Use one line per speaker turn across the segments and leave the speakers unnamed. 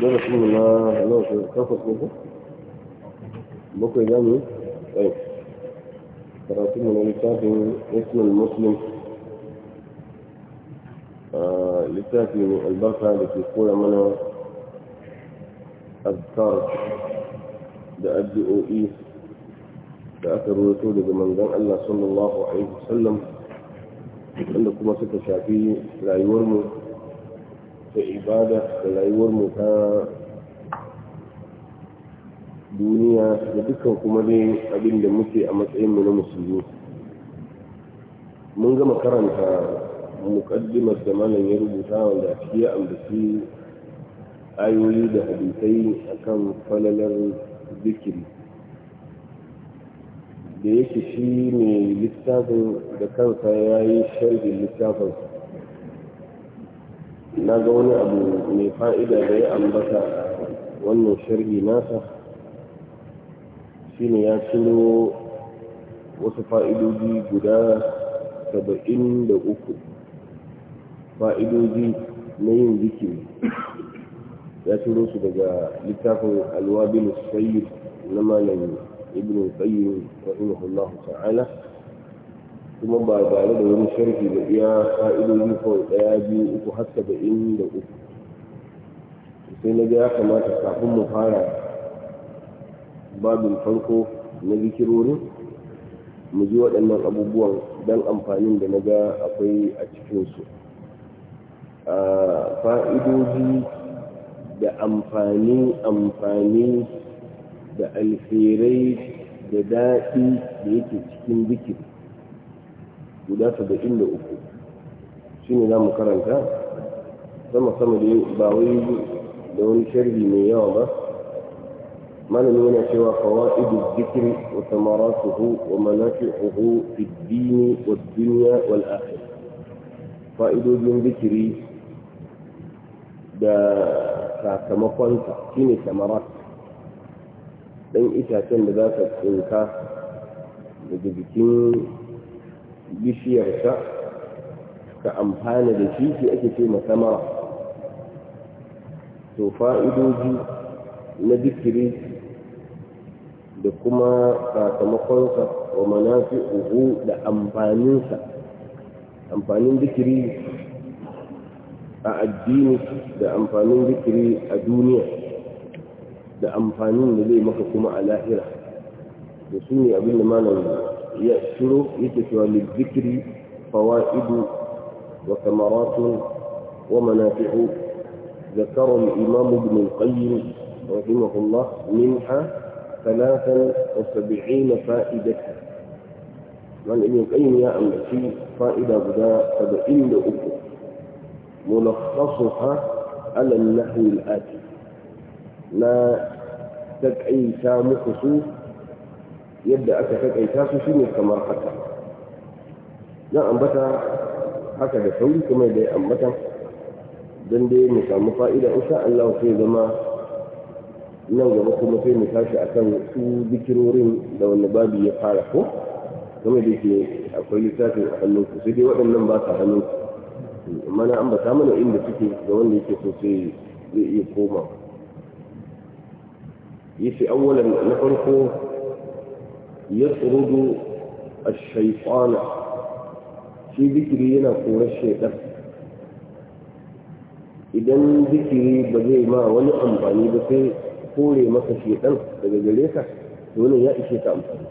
dole shi na nawa shi takwas ne bakwai za mu yi karatu mu na littafin ismail muslim littafi mai albarka da ke koya mana azkar da addu'o'i da aka ruwato daga manzon Allah sallallahu alaihi wasallam wanda kuma suka shafi rayuwarmu ta ibada da rayuwar mu ta duniya da dukkan kuma dai abin da muke a matsayin mu na musulmi mun gama karanta muqaddimar da malam ya rubuta wanda a ya ambaci ayoyi da hadisai akan falalar zikiri da yake shi ne littafin da kansa ya yi sharhin littafin na ga wani abu mai fa'ida da ya ambata wannan sharhi nasa shine ya ciro wasu fa'idodi guda saba'in da uku fa'idodi na yin jiki ya ciro su daga littafin alwabin sayyid na malamin ibn qayyim rahimahullahu ta'ala kuma ba tare da wani sharhi da iya fa'idoji kawai ɗaya biyu uku har saba'in da uku sai na ga ya kamata kafin mu fara babin farko na zikirorin mu ji waɗannan abubuwan don amfanin da na ga akwai a cikinsu fa'idoji da amfani amfani da alferai da daɗi da yake cikin zikiri guda saba'in da uku shi ne za mu karanta sama sama da ba wai da wani sharhi mai yawa ba malami yana cewa fawaidu zikri wa samaratuhu wa manafi'uhu fi dini wa dunya wal akhirah fa'idojin zikiri da sakamakonsa shine samarat dan itacen da za ka tsinka daga jikin bishiyarsa ka amfana da shi shi ake ce to fa'idoji na dikiri da kuma sakamakonsa wa manafi uku da amfaninsa amfanin dikiri a addini da amfanin dikiri a duniya da amfanin da zai maka kuma a lahira da su ne abin da malam يأثر shiro للذكر فوائد وثمرات ومنافع ذكر الإمام ابن القيم رحمه الله منها ثلاثا وسبعين فائدة من ابن القيم يا أمتي فائدة بدا سبعين لأبو ملخصها على النحو الآتي لا تدعي سامخ سوء yadda aka takaita su shine kamar haka zan ambata haka da sauri kuma da ya ambata don dai mu samu fa'ida insha Allah sai zama nan gaba kuma sai mu tashi akan su zikirorin da wani babu ya fara ko kuma da ke akwai littafin a hannunku sai dai waɗannan ba sa hannunku amma na ambata mana inda suke ga wanda yake so sai zai iya koma yace awwalan na farko يطرد الشيطان في ذكري yana قول الشيطان idan zikiri ba zai ma wani amfani ba sai kore maka shedan daga gareka ka to wannan ya ishe ka amfani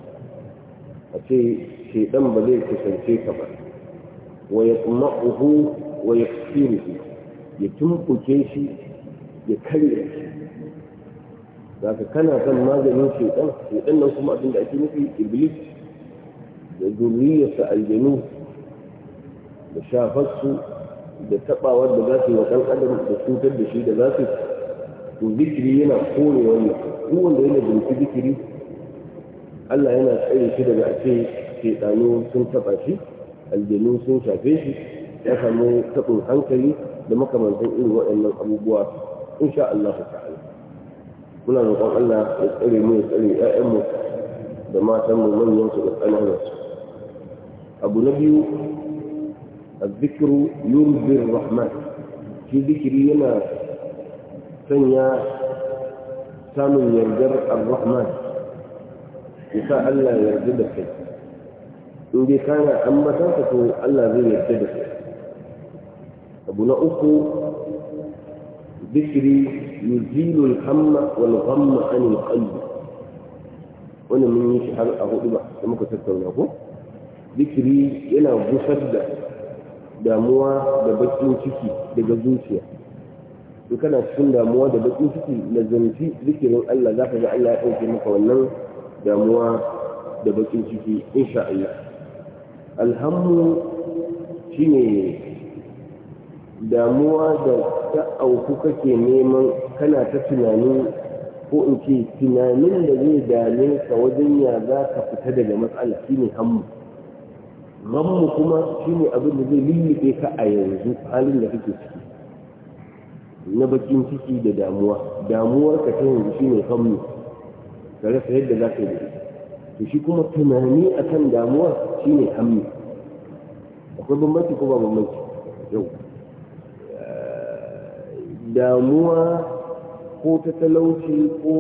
a ce shedan ba zai kusance ka ba wa yatma'uhu wa yakfiruhu ya tumkuke shi ya karya shi za ka kana kan maganin shaitan shaitan nan kuma abin da ake nufi iblis da zurriyarsa aljanu da shafarsu da tabawar da za su yi wa ɗan adam da cutar da shi da za su to zikiri yana kore wannan duk wanda yana binci zikiri Allah yana tsare shi daga ake shaitanu sun taba shi aljanu sun shafe shi ya samu taɓin hankali da makamantan irin waɗannan abubuwa insha Allah ta'ala muna roƙon Allah ya tsare mu ya tsare ƴaƴanmu da matan mu manyan su da ƙananan su abu na biyu azzikru يرضي rahman shi zikiri yana sanya samun yardar ar-rahman sa Allah ya yarda da kai in dai kana ambatan ka to Allah zai yarda da kai abu na uku zikiri yuzilu al-hamma wal ghamma an al mun yi shi har a hudu ba da muka tattauna ko zikiri yana gusar da damuwa da bakin ciki daga zuciya in kana cikin damuwa da bakin ciki na zanci zikirin Allah za ka ga Allah ya ɗauke maka wannan damuwa da bakin ciki insha Allah alhammu shine damuwa da ta auku kake neman kana ta tunani ko in ce tunanin da zai dame ka wajen ya za ka fita daga matsala shine hammu ranmu kuma shine abin da zai lullube ka a yanzu halin da kake ciki na bakin ciki da damuwa damuwar ka ta yanzu shine hammu ka rasa yadda za ka yi da shi kuma tunani akan damuwar shine hammu akwai bambanci ko ba bambanci yau damuwa ko ta talauci ko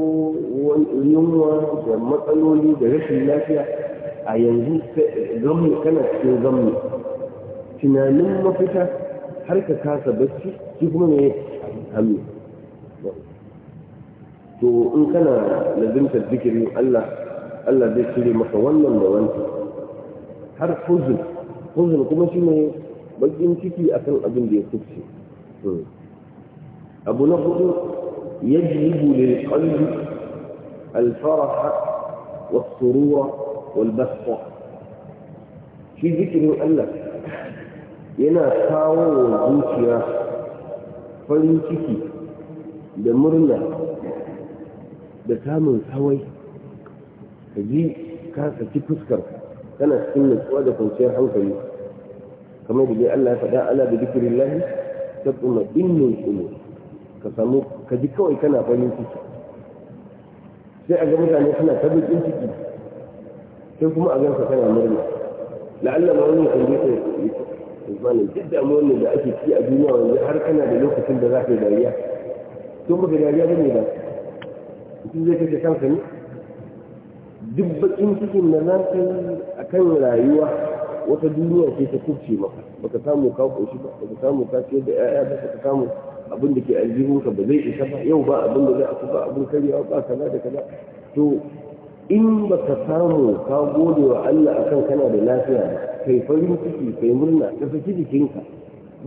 yunwa da matsaloli da rashin lafiya a yanzu gamni kana cikin gamni tunanin mafita har ka kasa bacci shi kuma ne hannu to in kana lazimtar zikirin Allah Allah zai cire maka wannan da wancan har huzun huzun kuma shi ne bakin ciki akan abin da ya kuce hmm. أبو لغض يجلب للقلب الفرح والسرور والبسطة في ذكر مؤلف ينا ساو وزوتيا فلنتكي بمرنا بسام سوي هذه كاسة تكسكر كان سنة سوادة فنسير حوثي كما يقول الله فدا ألا بذكر الله تقوم إن الأمور ka samu ka ji kawai kana farin ciki sai a ga mutane suna ta bakin ciki sai kuma a gansa kana murna la'alla ma wani kan bisa Usman duk damuwar ne da ake ci a duniya wanda har kana da lokacin da za ka yi dariya to ka dariya ba ne ba su zai kashe kansa ne duk bakin cikin da za ka yi a kan rayuwa wata duniya ce ta kubce maka baka samu ka koshi ba baka samu ka ce da yaya ba ka samu abin da ke aljihun ka ba zai isa ba yau ba abin da zai aku ba abin karyawa ba kaza da kaza to in baka samu ka gode wa Allah akan kana da lafiya kai farin ciki kai murna ka saki jikinka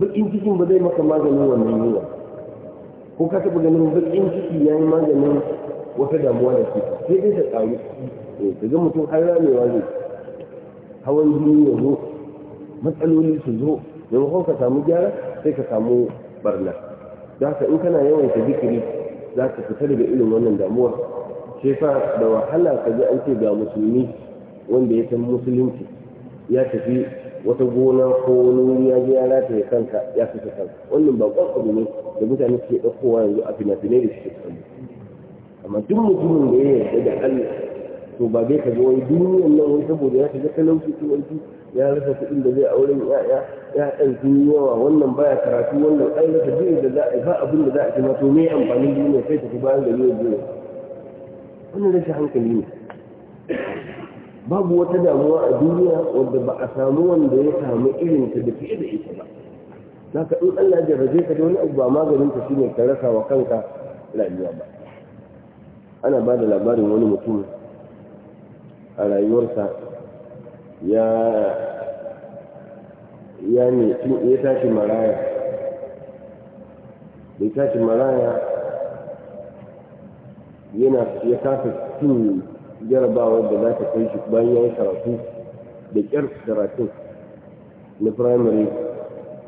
bakin cikin ba zai maka maganin wannan yunwa ko ka taɓa ganin bakin ciki ya yi maganin wata damuwa da ke sai dai ta ƙaru eh, ka ga mutum har ramewa ne hawan jini ya zo matsaloli su zo yau ka samu gyara sai ka samu barna za ka in kana yawan ka zikiri za ka fita daga irin wannan damuwar sai fa da wahala ka ji an ce ga musulmi wanda ya san musulunci ya tafi wata gona ko wani wuri ya ya kanka ya fi kanka wannan ba kwan abu da mutane suke ɗaukowa yanzu a fina-finai da suke amma duk mutumin da ya yarda da Allah to ba zai kaga wai duniyan nan wai saboda ya shiga talauci wanki ya rasa kuɗin da zai auren ya'ya ya'yan sun yawa wannan baya karatu wannan an rasa duk da za a ba abin da za a kima to me amfanin duniya sai tafi bayan gari wa duniya wannan rashin hankali ne babu wata damuwa a duniya wadda ba a samu wanda ya samu irin ta da fiye da ita ba za ka Allah ka da wani abu ba maganin ka shine ka rasa wa kanka rayuwa ba ana ba da labarin wani mutum a rayuwarsa ya tashi maraya da ya tashi maraya yana ya kasa cin jarabawar da za ta kai shi bayan ya yi karatu da kyar karatun na firamare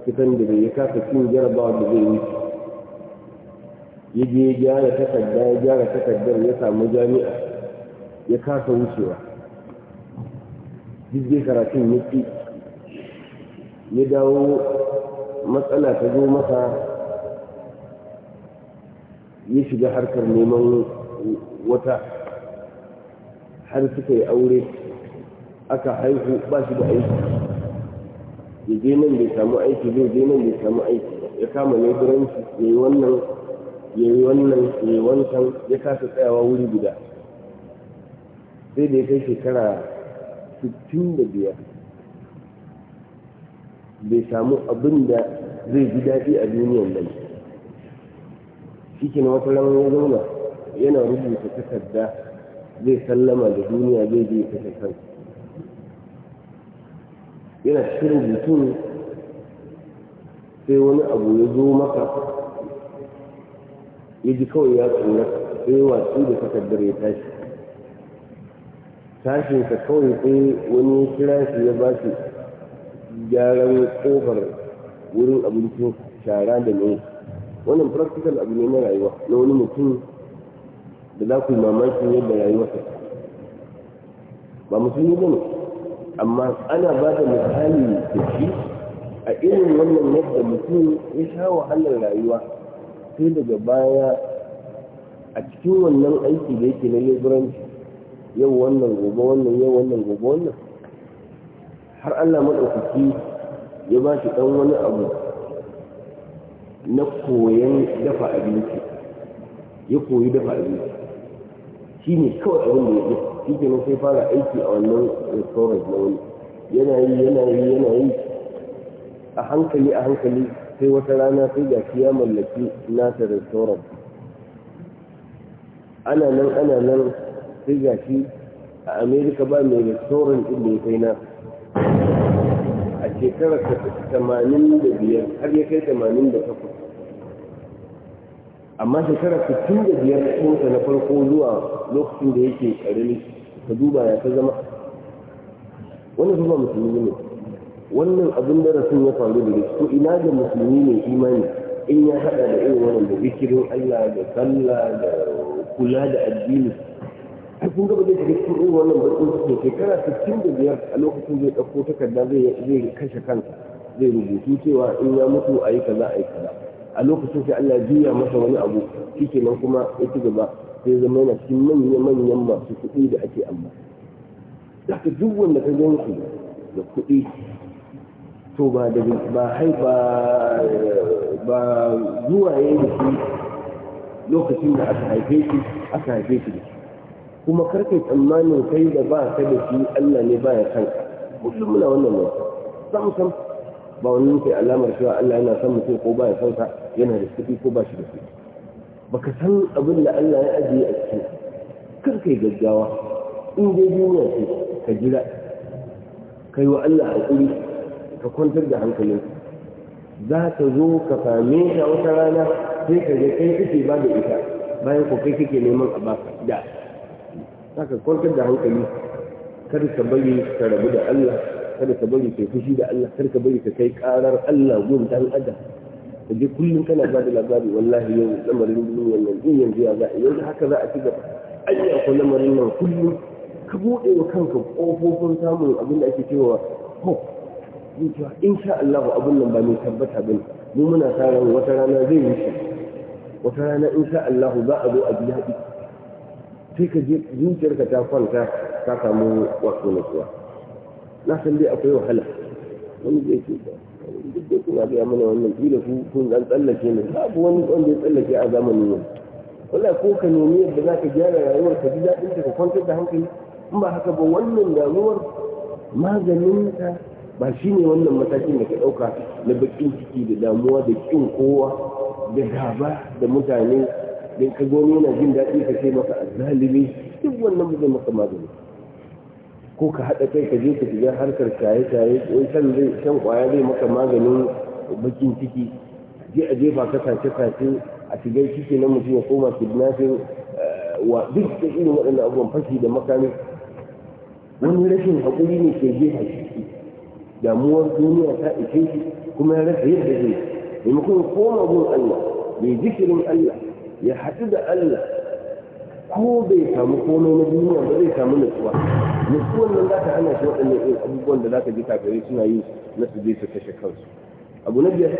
fitan da bai ya kasa cin jarabawar da zai yi ya je ya gyara ya gyara takardar ya samu jami'a ya kasa wucewa jirgin karatun yake ya dawo matsala ta zo masa ya shiga harkar neman wata har suka yi aure aka haihu ba shi da aiki ya je nan bai samu aiki zai je nan bai samu aiki ya kama leburanci ya yi wannan ya yi wannan ya yi wancan ya kasa tsayawa wuri guda sai da ya kai shekara da biyar bai samu abin da zai ji daɗi a duniyan nan shi wata ranar ya zauna yana rubuta takarda zai sallama da duniya zai je ta kan yana shirin mutum sai wani abu ya zo maka ya ji kawai ya tsoron sai watsi da takardar ya tashi tashin ka kawai sai wani kira shi ya ba shi gyaran kofar wurin abincin shara da mai wannan practical abu ne na rayuwa na wani mutum da za ku yi mamakin yadda rayuwa ta ba mutum ba ne amma ana ba da misali da shi a irin wannan yadda mutum ya sha wahalar rayuwa sai daga baya a cikin wannan aiki da yake na leburanci yau wannan gobe wannan yau wannan gobe wannan har Allah maɗaukaki ya ba shi ɗan wani abu na koyon dafa abinci ya koyi dafa abinci shi ne kawai abin da ya ɗi shi ke sai fara aiki a wannan restaurant na wani yana yi yana yi yana yi a hankali a hankali sai wata rana sai ga ya mallaki nasa restaurant ana nan ana nan sai ga shi a amerika ba mai restoran ɗin da ya kai na a shekarar tamanin da biyar har ya kai tamanin da takwas amma shekarar tun da biyar ɗinsa na farko zuwa lokacin da yake ƙarami ka duba ya ta zama wani su musulmi ne wannan abin darasin ya faru da su ina da musulmi ne imani in ya hada da irin wannan da zikirin allah da sallah da kula da addini ta sun gaba zai shiga cikin irin wannan bakin cikin shekara sittin da biyar a lokacin zai ɗauko takarda zai kashe kansa zai rubutu cewa in ya mutu a yi kaza a yi kaza a lokacin sai Allah juya masa wani abu shi nan kuma ya ci gaba sai zama yana cikin manya-manyan masu kuɗi da ake amma da duk wanda ka gan shi da kuɗi to ba da ba haifa ba zuwa yayin da shi lokacin da aka haife shi aka haife shi da shi kuma karkai tsammanin kai da ba ka da shi Allah ne ba ya kanka kullum muna wannan ne sam sam ba wani ke alamar cewa Allah yana san mutum ko ba ya san ka yana da kuɗi ko ba shi da sifi baka san abin da Allah ya ajiye a cikin karkai gaggawa in dai duniya ce ka jira kai wa Allah hakuri ka kwantar da hankalin za ta zo ka same ta wata rana sai ka ga kai kake ba da ita bayan ko kai kake neman a da saka kwantar da hankali kada ka bari ka rabu da Allah kada ka bari ka fushi da Allah kada ka bari ka kai karar Allah gurin dan adam ka je kullum kana ba da labari wallahi yau lamarin duniya nan din yanzu ya za yanzu haka za a ci gaba an yi lamarin nan kullum ka buɗe wa kanka ƙofofin samun abin da ake cewa hope zuciya in sha Allah abin nan ba mai tabbata ba mu muna sa ran wata rana zai wuce wata rana in sha Allah za a zo a ji daɗi sai ka je zuciyarka ta kwanta ta samu wasu nutsuwa na san dai akwai wahala wani zai ce duk da kuma ga mana wannan kila ku kun dan tsallake ne babu wani wanda ya tsallake a zamanin nan wala ko ka nemi yadda za ka gyara rayuwar ka ji daɗin ka kwantar da hankali in ba haka ba wannan damuwar maganin ta ba shi ne wannan matakin da ka ɗauka na baƙin ciki da damuwa da ƙin kowa da gaba da mutane don ka zo nuna jin daɗi ka ce masa azalimi duk wannan ba maka magani ko ka haɗa kai ka je ka shiga harkar shaye-shaye ko shan zai shan ƙwaya zai maka maganin bakin ciki je a jefa ka tace-tace a shiga ciki na mutum ya koma kidnapping eh, wa duk da irin waɗannan abubuwan fashi da makami wani rashin haƙuri ne ke jefa shi damuwar duniya ta ishe shi kuma ya rasa yadda zai maimakon koma gun Allah mai zikirin Allah ya haɗu da Allah ko bai samu komai na duniya ba zai samu nutsuwa nutsuwan nan za ta hana shi waɗannan irin abubuwan da za ka ji kafirai suna yi na su je su kashe kansu abu na biyar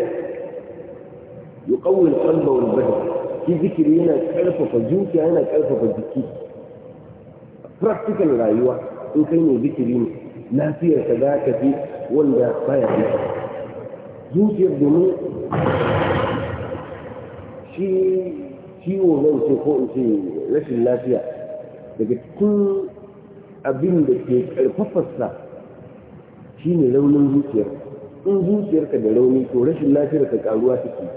yuqawwi al-qalba wal bada shi zikiri yana ƙarfafa zuciya yana ƙarfafa jiki practical rayuwa in kai ne zikiri ne lafiyar ka za ka fi wanda baya fi zuciyar domin shi ciwo nan ce ko in ce rashin lafiya daga cikin abin da ke ƙarfafarsa shi ne raunin zuciyar in zuciyarka da rauni to rashin lafiyar ka ƙaruwa take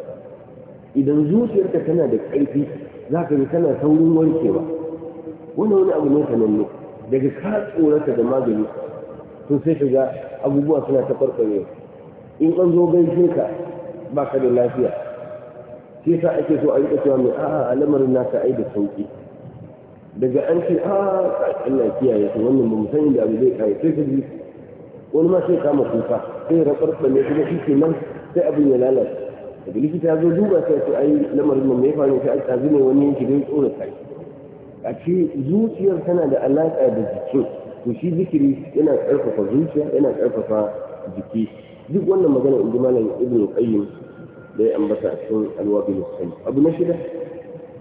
idan zuciyarka tana da karfi za ka yi tana saurin warkewa wani wani abu ne sananne daga ka tsorata da magani to sai ka ga abubuwa suna ta farfarewa in an zo gaishe ka ba ka da lafiya shi yasa ake so a rika cewa mai a'a al'amarin naka ai da sauƙi daga an ce a Allah kiyaye to wannan ba mu sani da abu zai kai sai ka ji wani ma sai kama kuka sai rabar ne kuma shi ke nan sai abin ya lalata daga likita ya zo duba sai ce ayi lamarin mai faru sai a ne wani yanki dai tsora kai a ce zuciyar tana da alaƙa da jikin to shi zikiri yana ƙarfafa zuciya yana ƙarfafa jiki duk wannan magana in ji malam ibnu qayyim لي أن بتحسن الوادي أبو نشرة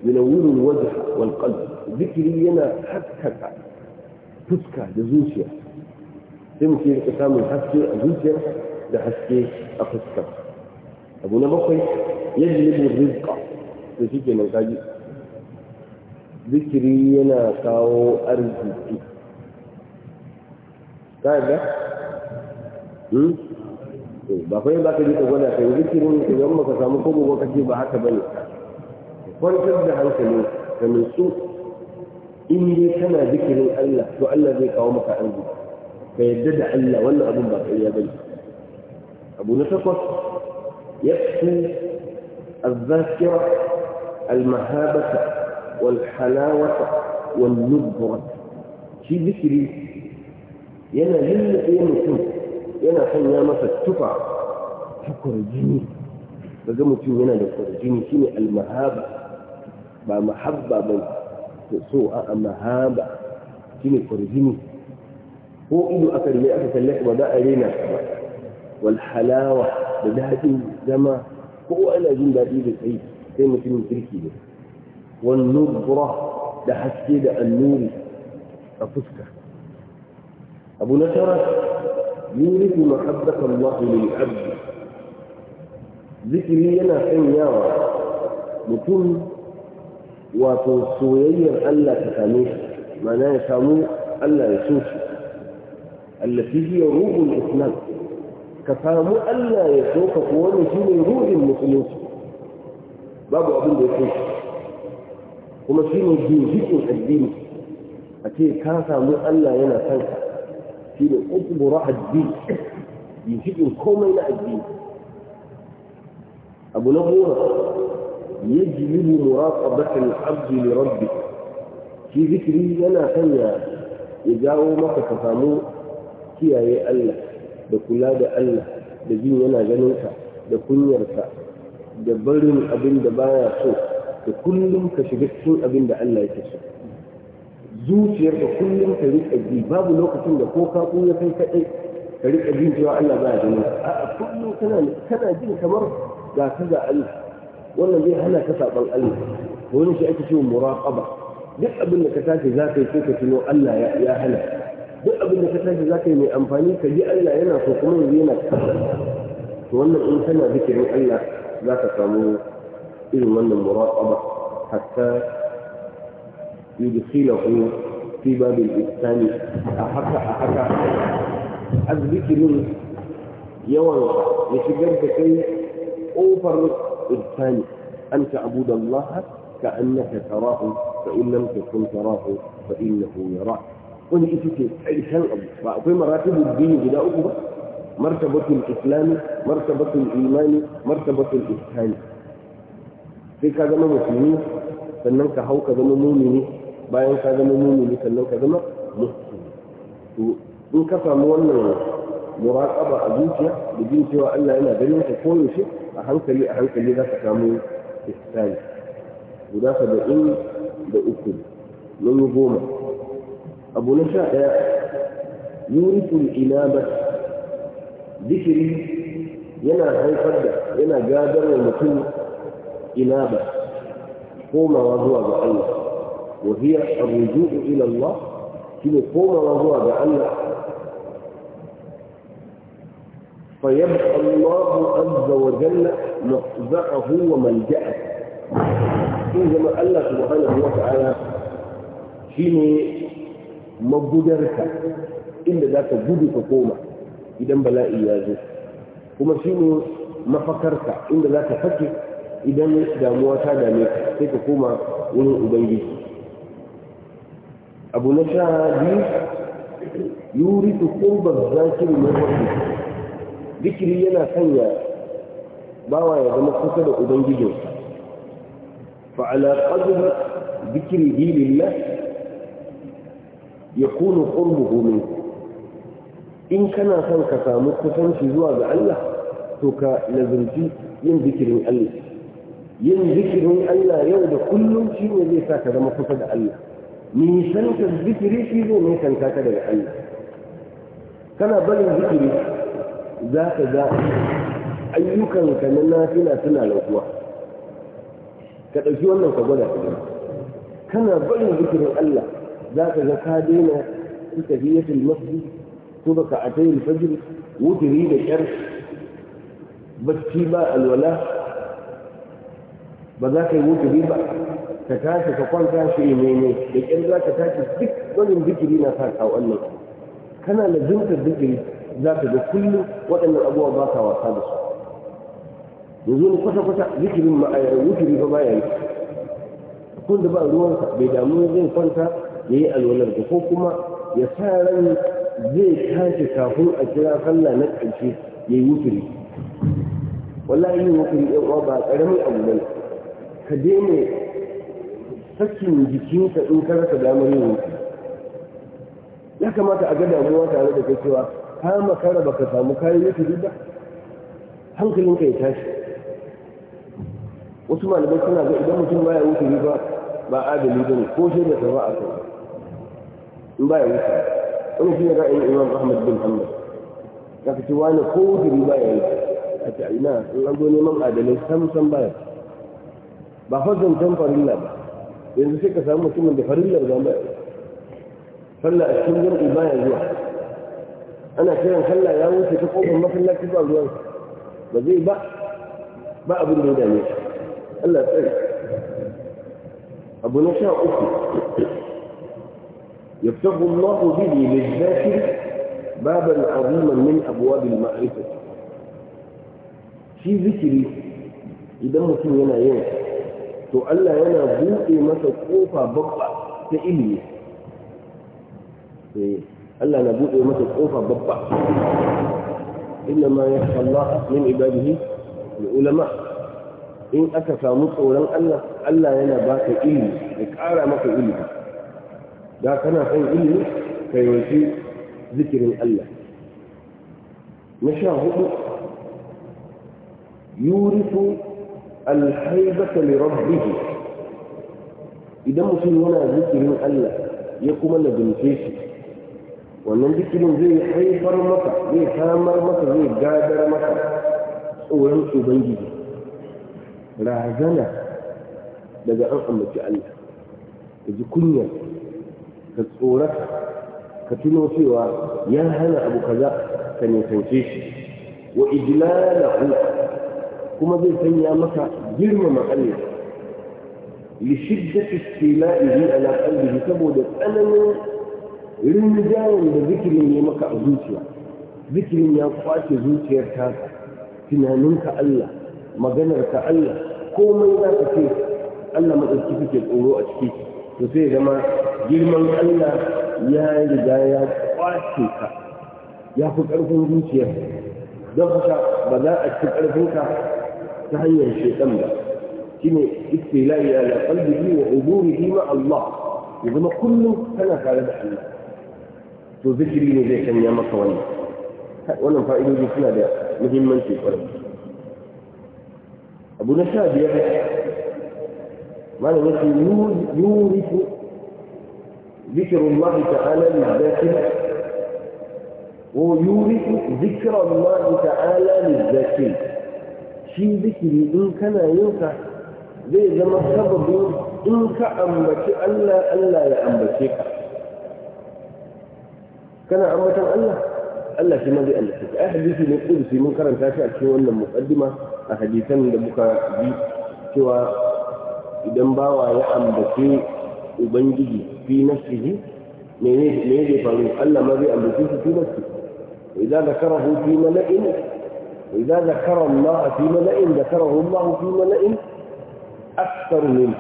ينور الوجه والقلب ذكري هنا حتى تسكى لزوشيا تمشي قسام الحسكي أزوشيا لحسكي أخسكا أبو نبقي يجلب الرزق تسيكي نتاجي ذكري هنا كاو أرزقي كاذا 嗯。Mm ba kai ba ka ji ka gwada kai zikirin idan baka samu kobo ba kace ba haka bane kwantar da hankali ka nutsu in dai kana zikirin Allah to Allah zai kawo maka arziki ka yadda da Allah wannan abun ba kai ya bane abu na takwas yakfi الذاكرة المهابة والحلاوة والنبرة شيء ذكري ينا لله يمكن yana sanya masa tufa ta kurjini daga mutum yana da kurjini shine almahaba ba mahabba ba to so a mahaba shine kurjini ko ido aka rime aka kalle ba za a rena ba wal halawa da daɗin zama ko ana jin daɗi da kai sai mutumin kirki ne wal nubra da haske da annuri a fuska abu na tara يورث محبة الله للعبد ذكري ينا حين يارى متون وتوصويا ألا تتميه ما لا يسامو ألا يسوس التي هي روح الإسلام كفامو ألا يسوق قوان سوى روح المسلم بابو أبن يسوس وما سوى الدين ذكر الدين أتي كافامو ألا ينا تنكر shi ne ƙutubu addini, ginshiƙin komai na addini abu na goma ya jilibu muraƙabatin abdi li rabbi shi zikiri yana sanya ya jawo maka ka samu kiyaye Allah da kula da Allah da jin yana ganinka da kunyarka da barin abin da baya so da kullum ka shiga cikin abin da Allah yake so zuciyar da kullum ka riƙa ji babu lokacin da ko ka kunya kai kaɗai ka riƙa jin cewa Allah ba ya a kullum kana kana jin kamar ga ka ga Allah wannan zai hana ka saban Allah to wani shi ake cewa muraqaba duk abin da ka tashi za ka yi sai ka tuno Allah ya hana duk abin da ka tashi za ka yi mai amfani ka ji Allah yana so kuma yanzu yana kasa to wannan in kana zikirin Allah za ka samu irin wannan muraqaba hatta يدخله في باب الإحسان أحكى أحكى أذبك من يوان يشجرك كي أوفر إحسان أن تعبد الله كأنك تراه فإن لم تكن تراه فإنه يراك وإن إتك إحسان أبو في مراتب الدين إذا أكبر مرتبة الإسلام مرتبة الإيمان مرتبة الإحسان في كذا مسلمين فإنك هو كذا مؤمنين bayan ka zama mumini sannan ka zama muhsini to in ka samu wannan muraqaba a zuciya da jin cewa Allah yana ganin ka koyaushe a hankali a hankali za ka samu istani guda saba'in da uku mun goma abu na sha ɗaya ina ba, zikiri yana haifar da yana gadar wa mutum ba, komawa zuwa ga Allah وهي الرجوع الى الله في مفهوم الرجوع بان فيبقى الله عز وجل مخزعه وملجاه كما قال سبحانه وتعالى شيني مبودرك ان ذاك بودي تقوم اذا بلا اياه وما شيني ما فكرت ان ذاك فكر اذا داموا تاداميك كي تقوم ولو ابيك abu na sha biyu yuri su kurbar zakiri mai wasu zikiri yana sanya bawa ya zama kusa da ubangijinsa fa'ala ƙazuwa zikiri hilillah ya kuna ƙurbuhu min in kana son ka samu kusanci zuwa ga Allah to ka nazarci yin zikirin Allah yin zikirin Allah yau da kullum shi ne zai sa ka zama kusa da Allah nisantar zikiri shi zai nisanta ka daga Allah kana barin zikiri za ka ga ka na nafila suna lafuwa ka ɗauki wannan ka gwada ka kana barin zikirin Allah za ka ga ka daina su masu masjid ko ka a tayin fajr wuturi da kyar bacci ba alwala ba za ka yi wuturi ba ka tashi ka kwanta shi ne ne da ƙin za ka tashi duk wani zikiri na sa kawo wannan kana da zuntar zikiri za ka ga kullum waɗannan abubuwa ba ka wasa da su yanzu ni kwata-kwata zikirin ma'ayar eh, wuturi ba baya kun da ba ruwansa bai damu zai kwanta ya yi alwalar da ko kuma ya sa ran zai tashi kafin a kira sallah na ƙarshe ya yi wukiri. wallahi yin wukiri ɗan uwa ba ƙaramin abu ne ka daina sakin jikinka in ka rasa damar yin wuce ya kamata a ga damuwa tare da kai cewa ka makara ba ka samu kayan yake duk ba hankalinka ya tashi wasu malamai suna ga idan mutum baya wuce ba ba adali ba ne ko shi da sama a kai in baya wuce wani shi ne ra'ayin imam ahmad bin hamad ya ka ce wani ko wuce baya yi a ce ina in an zo neman adalai sam sam baya ba fa tamfarin farilla ba yanzu sai ka samu mutumin da farillar ba ma sallah a cikin jam'i baya zuwa ana kiran sallah ya wuce ta kofar masallaci ba zuwa ba zai ba ba abin da ya dame shi Allah tsare abu na sha uku يفتح الله به للذاكر بابا min من ابواب المعرفه في ذكري idan mutum yana yin to Allah yana buɗe masa kofa babba ta ilimi eh, Allah na buɗe masa kofa babba inna ma ya Allah min ibadihi da ulama in aka samu tsoron Allah Allah yana baka ilimi ya ƙara maka ilimi da kana son ilimi ka yawanci zikirin Allah na sha hudu yurisu alhaibata li rabbihi idan mutum yana zikirin Allah ya kuma nazumce shi wannan zikirin zai haifar maka zai samar maka zai gadar maka tsoron ubangiji razana daga an ambaci Allah ka ji kunya ka tsorata ka tuno cewa ya hana abu kaza ka nisance shi wa ijlalahu كما بين فنيا مكا جرم محلي لشدة استيلائه على قلبه تبود الألم رمجان بذكر يمكا زوتيا ذكر يمكا زوتيا كاسا كنا ننكا الله ما جنرك الله كوما يلاك فيه الله ما تستفيد الأولو أشكيك وسيد ما جرم الله يا رجايا قاسيك يا فكرة زوتيا دفشا بدأت تبقى تهيا شيء تملا كما استيلاء على قلبه وحضوره مع الله إذا ما كل سنة على بحر الله تذكرين ذلك يا مصوري ولم فائدة جسنا لا مهم من شيء ولم أبو نشاد يعني ما نقول يورث ذكر الله تعالى للذاكرة ويورث ذكر الله تعالى للذاكرة shi zikiri in kana yin sa zai zama sababin in ka ambaci Allah Allah ya ambace ka kana ambatan Allah Allah shi ma zai ambace ka ai hadisi ne kudusi mun karanta shi a cikin wannan muqaddima a hadisan da muka bi cewa idan bawa ya ambace ubangiji fi nafsihi menene ne zai faru Allah ma zai ambace shi fi nafsihi idan zakarahu fi mala'in وإذا ذكر الله في ملأ ذكره الله في ملأ أكثر منه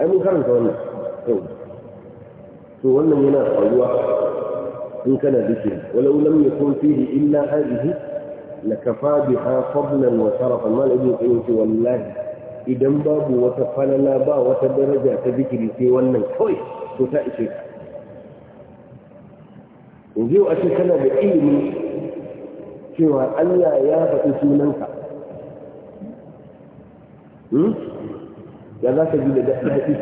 أي من كرمت ولا تو ولا ينافع الواقع إن كان ذكر ولو لم يكن فيه إلا هذه لكفى بها فضلا وشرفا ما الذي يقول والله إذا باب وتفلل با وتدرجة ذكر في ولا كوي تتأشف yanzu a ce kana da ilimi cewa Allah ya faɗi sunanka hmm? ya za ka ji da daɗi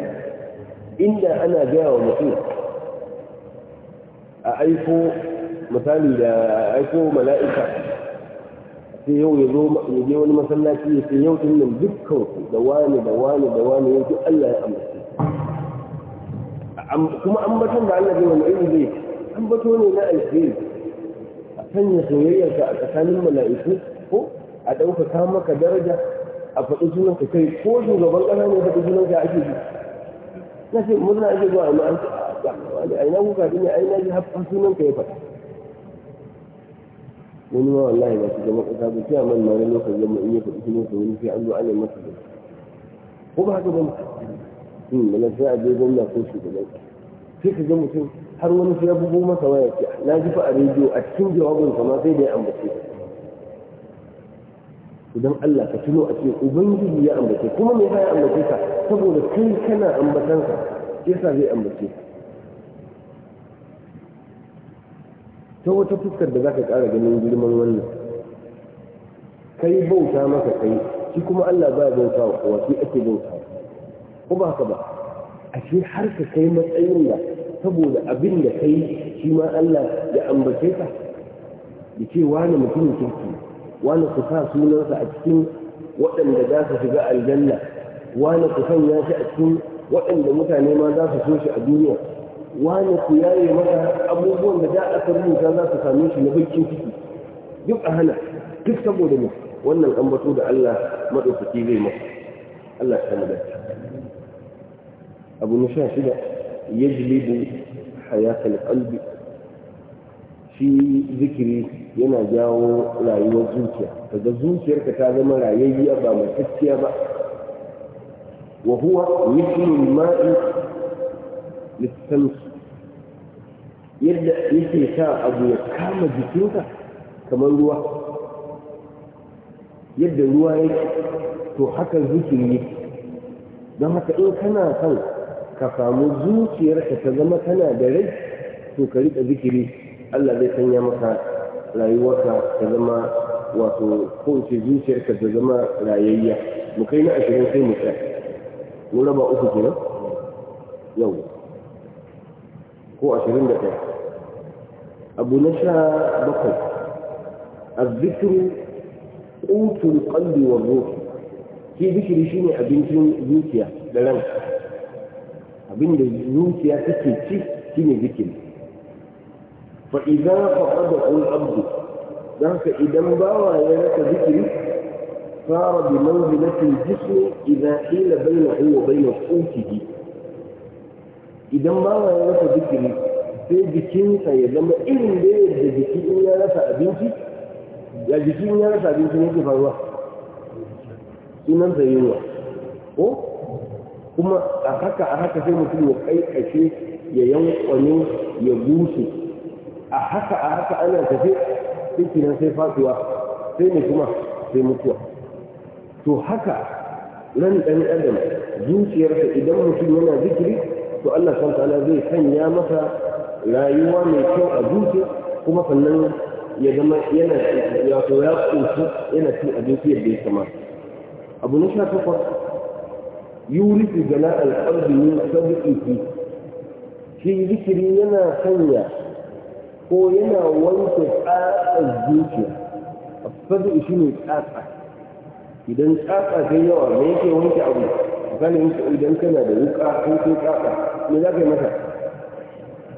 inda ana gaya wa mutum a aiko misali da aiko mala'ika sai yau ya zo ya je wani masallaci ya ce yau nan dukkan da wani da wani da wani ya ji Allah ya amince kuma ambaton da Allah zai wani iri zai ambato ne na alheri sanya soyayyarka a tsakanin mala'iku ko a ɗaukaka maka daraja a faɗi sunanka kai ko shugaban ƙasa ne faɗi sunanka ake ji na ce murna ake zuwa amma an ce a ina kuka ne a ina ji har sunanka ya faɗi? wani ma wallahi ba su zama ƙasa ba ce a man mara lokacin zama in ya faɗi sunanka wani sai an zo ana masa da ko ba haka ba ne? Hmm, sai a je gwamna ko shugaban ƙasa. Sai ka ga mutum har wani sai ya bugo masa waya ce na ji fa a rediyo a cikin jawabin sa ma sai da ya ambace idan Allah ka tuno a ce ubangiji ya ambace kuma me ya ambace ka saboda kai kana ambatan ka yasa zai ambace ka ta wata fuskar da zaka ƙara ganin girman wannan kai bauta maka kai shi kuma Allah ba bauta wa shi ake bauta ko ba haka ba ashe har ka kai matsayin da saboda abin da kai shi ma Allah ya ambace ka da ce wani mutumin kirki wani ku sa sunansa a cikin waɗanda za su shiga aljanna wani ku sanya shi a cikin waɗanda mutane ma za su so shi a duniya wani ku yaye masa abubuwan da da aka rubuta za su same shi na bakin ciki duk a hana duk saboda mu wannan ambato da Allah maɗaukaki zai masa Allah ta samu abu na sha shida yajlibu hayatal qalbi shi zikiri yana jawo rayuwar zuciya daga zuciyarka ta zama rayayya ba matacciya ba wa huwa mithlul ma'i lissams yadda yake sa abu ya kama jikinka kamar ruwa yadda ruwa yake to haka zikiri yake don haka in kana son ka samu ka ta zama tana da rai to ka riƙa zikiri Allah zai sanya maka rayuwarka ta zama wato ko ce ka ta zama rayayya mu kai na ashirin sai mu kai mu raba uku kenan yau ko ashirin da kai? abu na sha bakwai azzikiru qutul qalbi wa ruh shi zikiri shine abincin zuciya da ranka abin da zuciya take ci shine zikiri fa idza faqada al abdu dan ka idan bawa ya raka zikiri fara bi manzilatil jismi idza bayna hu wa bayna qutihi idan bawa ya raka zikiri sai sa ya zama irin da yadda jiki in ya rasa abinci ya jiki in ya rasa abinci ne ke faruwa sunansa yunwa ko kuma a haka a haka sai mutum ya kaikashe ya yankwane ya bushe a haka a haka ana tafe sai nan sai fasuwa sai mai kuma sai mutuwa to haka nan dan adam zuciyarsa idan mutum yana zikiri to Allah san ta'ala zai sanya masa rayuwa mai kyau a zuciya kuma sannan ya zama yana ya kusa yana cin abinci yadda ya kamata abu na sha takwas gana jana ne min sabi'ihi shi zikiri yana sanya ko yana wanke tsatsa zuciya a sabi'i shi ne tsatsa idan tsatsa ta yawa me yake wanke abu yanke idan kana da wuka ko ko tsatsa me za ka yi mata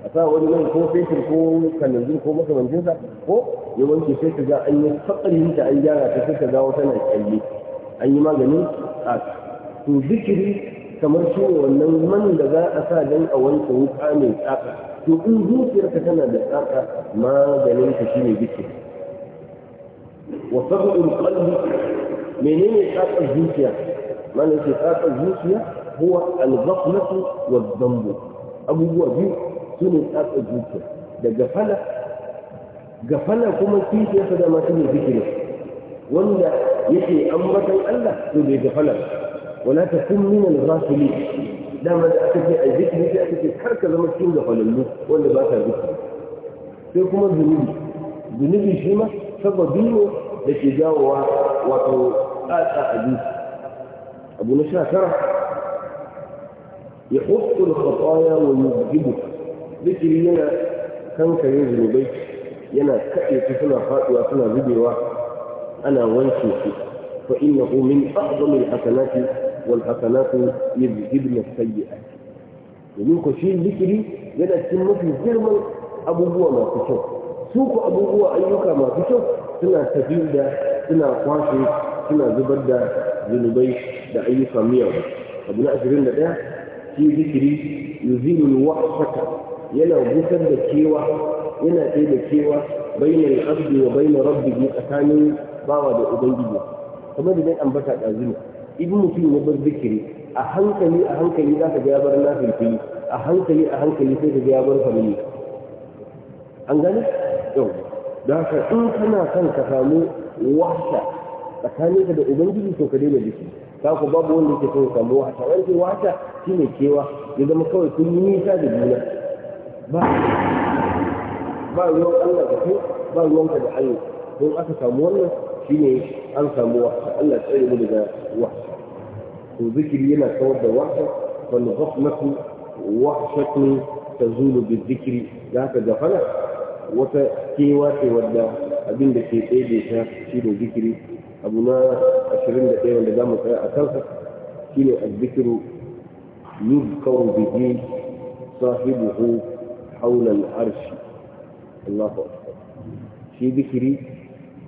a sa wani nan ko fetur ko kanazin ko makamancinsa ko ya wanke sai ka ga an yi fakarinta an gyara ta sai ka ga wata na kyalle an yi maganin tsatsa to zikiri kamar shi ne wannan man da za a sa don a wanke wuka mai tsaka to in zuciyarka tana da tsaka maganin ka shine zikiri wa sab'ul qalbi menene tsakar zuciya mana ce tsakar zuciya huwa al-ghaflatu wa dhanbu abubuwa biyu sune tsakar zuciya da gafala gafala kuma kike sa da ma shine zikiri wanda yake an ambaton Allah to bai gafala ولا تكن من الغافلين لما تأتي في الذكر تأتي في الحركة لما تكون لك ولا النور ولا بات الذكر فيكم الذنوب الذنوب الشيمة فبدينه لتجاه وطو آل آه، أحديث آه، أبو نشرة شرح يحط الخطايا ويذكره ذكر هنا كان كيزن بيت ينا كأي تفنى خاطئ وفنى ذبي واحد أنا وانشي فيه فإنه من أعظم الحسنات والحسنات يذهبن السيئات domin ku shi zikiri yana cikin mafi girman abubuwa masu kyau su ku abubuwa ayyuka masu kyau suna tafi da suna kwashe suna zubar da zunubai da ayyuka miyawa abu na ashirin da ɗaya shi zikiri yuzilul wahshata yana busar da kewa yana ɗaya da kewa bainal abdi wa bainar rabbihi tsakanin bawa da ubangiji kamar da zai ambata ɗazu ne in mutum ya bar zikiri a hankali a hankali za ka bar na bar a hankali a hankali sai ka ga bar famili an gani yau da ka in kana kan ka samu wasa ka da ubangiji to ka daina jiki ta ku babu wanda yake son samu wasa wanda wasa shine kewa ya zama kawai kun yi nisa da juna ba ba ruwan Allah da kai ba ruwanka da Allah don aka samu wannan shine an samu wahsha Allah tsare mu daga wahsha to zikiri yana kawar da wahsha wal ghaflatu wahshatun tazulu bi zikiri da haka gafala wata kewa ce wadda abin da ke tsaye ta shi ne zikiri abu na 21 wanda za mu tsaya a kansa shi ne azzikiru yuzkaru bihi sahibuhu حول العرش allahu أكبر shi ذكري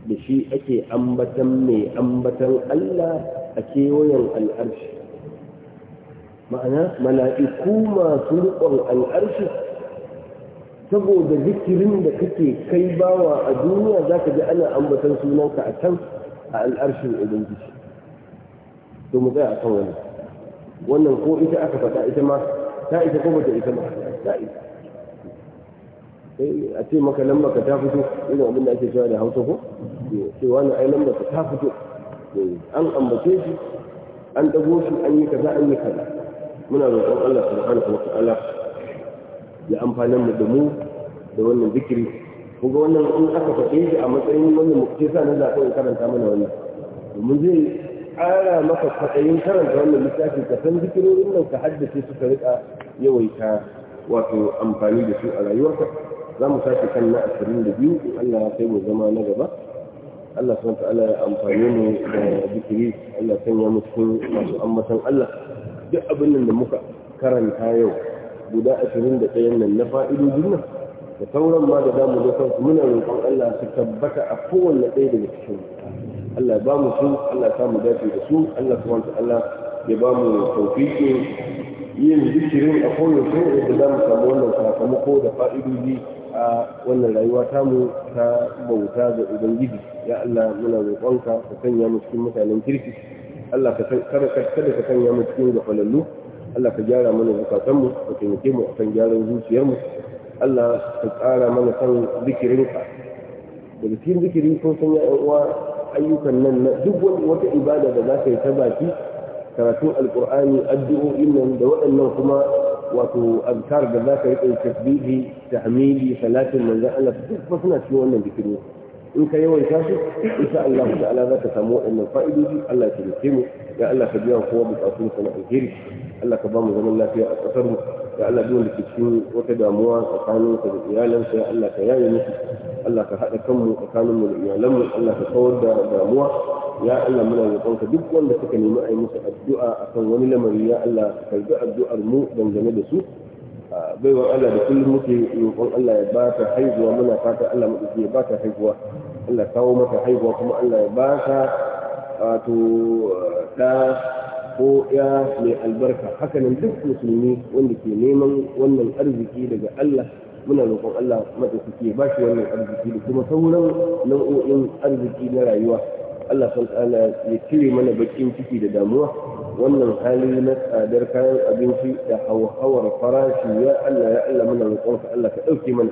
da shi ake ambatan mai ambatan Allah a kewayen al'arshi ma'ana mala'iku masu riƙon al'arshi saboda zikirin da kake kai bawa a duniya za ka ji ana ambatan sunanka a can a al'arshin ubangiji to mu tsaya a kan wani wannan ko ita aka faɗa ita ma ta ita ko bata ita ma ta ita a ce maka lamba ka ta fito irin abin da ake cewa da hausa ko eh, ce wani ai lamba ka ta fito eh, an ambace shi an dago shi an yi kaza an yi kaza muna roƙon Allah subhanahu wa ta'ala ya amfanar mu da mu da wannan zikiri kuma wannan in aka faɗe shi a matsayin wannan sa na zaɓen in karanta mana wannan domin zai ƙara maka kwaɗayin karanta wannan littafi ka san zikirorin nan ka haddace su ka riƙa yawaita wato amfani da su a rayuwarka za mu tashi kan na ashirin da biyu Allah ya kai mu zama na gaba Allah sun ta'ala ya amfani mu da zikiri Allah sanya mu cikin masu ambatan Allah duk abin da muka karanta yau guda ashirin da ɗayan nan na fa'idojin nan da sauran ma da damu da kansu muna roƙon Allah su tabbata a kowanne ɗaya daga cikin Allah ba mu su Allah ta mu dace da su Allah subhanahu ta'ala ya ba mu tawfiqin yin zikirin a kowanne kowace da za mu samu wannan sakamako da fa'idoji a wannan rayuwa ta mu ta bauta ga ubangiji ya Allah muna roƙonka ka sanya mu cikin mutanen kirki Allah ka kada ka sanya mu cikin gafalallu Allah ka gyara mana mu ka taimake mu kan gyaran mu Allah ka tsara mana san zikirinka daga cikin zikiri ko sanya ya uwa ayyukan nan na duk wata ibada da za ka yi ta baki karatun alkur'ani addu'o'in nan da waɗannan kuma wato azkar da za ka yi tasbihi tahmidi salatin manzon Allah duk suna cikin wannan zikiri in ka yawaita su insha Allah ta'ala za ka samu waɗannan fa'idoji Allah ya taimake mu ya Allah ka biya kowa bukatun sana alheri Allah ka ba mu zaman lafiya a ƙasar mu ya Allah duk wanda ke cikin wata damuwa tsakanin ka da iyalansa ya Allah ka yaye musu Allah ka haɗa kanmu tsakanin mu da iyalanmu Allah ka kawar da damuwa ya Allah muna roƙonka duk wanda suka nemi a yi musu addu'a akan wani lamari ya Allah ka karbi addu'ar mu dangane da su baiwa Allah da kullum muke roƙon Allah ya ba ta haihuwa muna fata Allah maɗauki ya ba ta haihuwa Allah kawo mata haihuwa kuma Allah ya ba ta wato ɗa ko ya mai albarka hakanan duk musulmi wanda ke neman wannan arziki daga Allah muna roƙon Allah madaukaki ya bashi wannan arziki da kuma sauran nau'o'in arziki na rayuwa Allah san ya cire mana bakin ciki da damuwa wannan hali na tsadar kayan abinci da hauhawar farashi ya Allah ya Allah muna roƙonka Allah ka ɗauke mana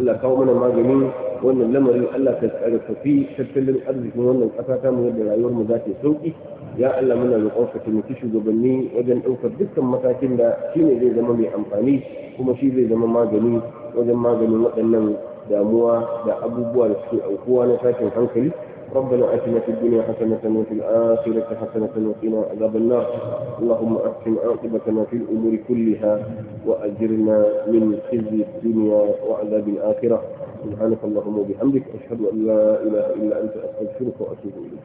Allah kawo mana magani wannan lamarin Allah ka tsarkafi tattalin arzikin wannan ƙasa ta mu yadda rayuwar mu za ta sauki ya Allah muna roƙonka taimaki shugabanni wajen ɗaukar dukkan matakin da shi ne zai zama mai amfani kuma shi zai zama magani wajen maganin waɗannan damuwa da abubuwa da suke aukuwa na sashen hankali ربنا آتنا في الدنيا حسنة وفي الآخرة حسنة وقنا عذاب النار اللهم أحسن عاقبتنا في الأمور كلها وأجرنا من خزي الدنيا وعذاب الآخرة سبحانك اللهم وبحمدك أشهد أن لا إله إلا أنت أستغفرك وأتوب إليك